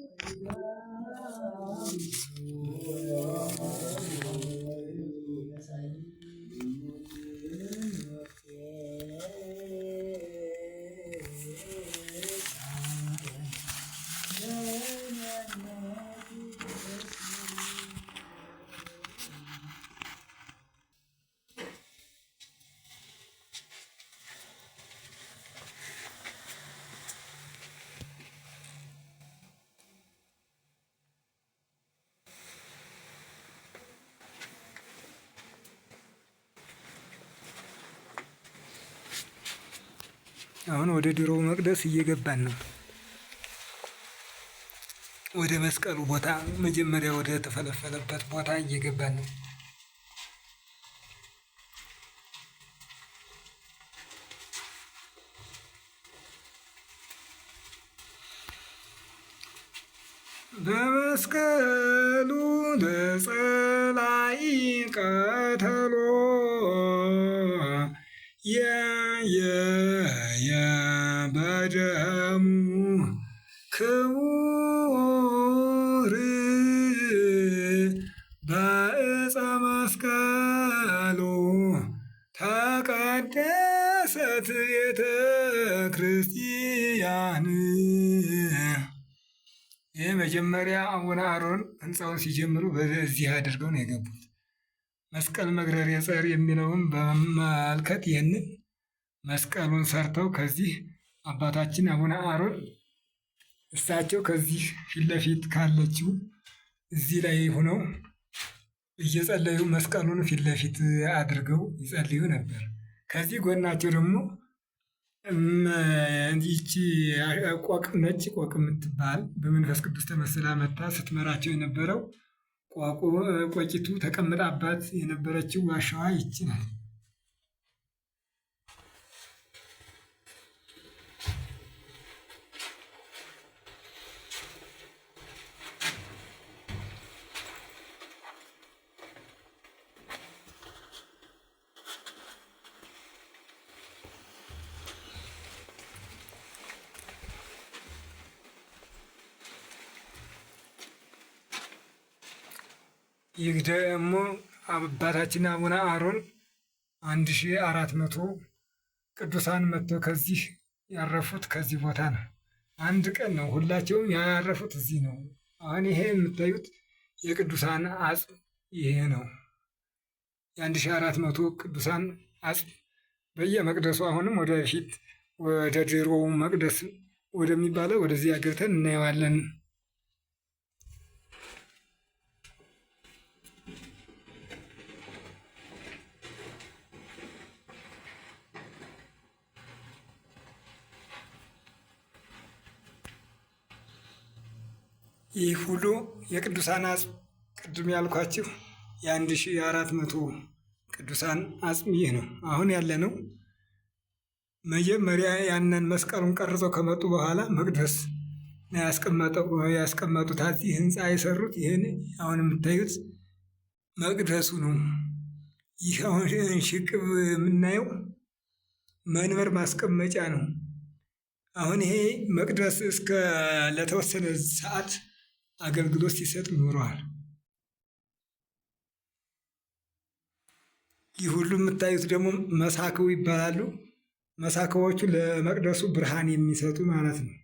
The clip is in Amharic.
难处。አሁን ወደ ድሮው መቅደስ እየገባን ነው። ወደ መስቀሉ ቦታ መጀመሪያ ወደ ተፈለፈለበት ቦታ እየገባን ነው። በመስቀሉ ለጸላይ ቀተሎ ክቡር በእፀ መስቀሉ ተቀደሰት ቤተ ክርስቲያን። ይህ መጀመሪያ አቡነ አሮን ህንፃውን ሲጀምሩ በዚህ አድርገው ነው የገቡት። መስቀል መግረር የጸር የሚለውን በመመልከት ይህንን መስቀሉን ሰርተው ከዚህ አባታችን አቡነ አሮን እሳቸው ከዚህ ፊት ለፊት ካለችው እዚህ ላይ ሆነው እየጸለዩ መስቀሉን ፊት ለፊት አድርገው ይጸልዩ ነበር። ከዚህ ጎናቸው ደግሞ ይቺ ቆቅ ነጭ ቆቅ የምትባል በመንፈስ ቅዱስ ተመስላ መታ ስትመራቸው የነበረው ቆቂቱ ተቀምጣባት የነበረችው ዋሻዋ ይች ናት። ይህ ደግሞ አባታችን አቡነ አሮን አንድ ሺ አራት መቶ ቅዱሳን መጥተው ከዚህ ያረፉት ከዚህ ቦታ ነው። አንድ ቀን ነው ሁላቸውም ያረፉት እዚህ ነው። አሁን ይሄ የምታዩት የቅዱሳን አጽም ይሄ ነው። የአንድ ሺ አራት መቶ ቅዱሳን አጽም በየመቅደሱ አሁንም ወደፊት ወደ ድሮው መቅደስ ወደሚባለው ወደዚህ ገብተን እናየዋለን። ይህ ሁሉ የቅዱሳን አጽም ቅድም ያልኳችሁ የአንድ ሺህ አራት መቶ ቅዱሳን አጽም ይህ ነው። አሁን ያለነው መጀመሪያ ያንን መስቀሉን ቀርጾ ከመጡ በኋላ መቅደስ ያስቀመጡት እዚህ ህንፃ የሰሩት ይህን አሁን የምታዩት መቅደሱ ነው። ይህ አሁን ሽቅብ የምናየው መንበር ማስቀመጫ ነው። አሁን ይሄ መቅደስ እስከ ለተወሰነ ሰዓት አገልግሎት ሲሰጥ ኑሯል። ይህ ሁሉ የምታዩት ደግሞ መሳክው ይባላሉ። መሳክዎቹ ለመቅደሱ ብርሃን የሚሰጡ ማለት ነው።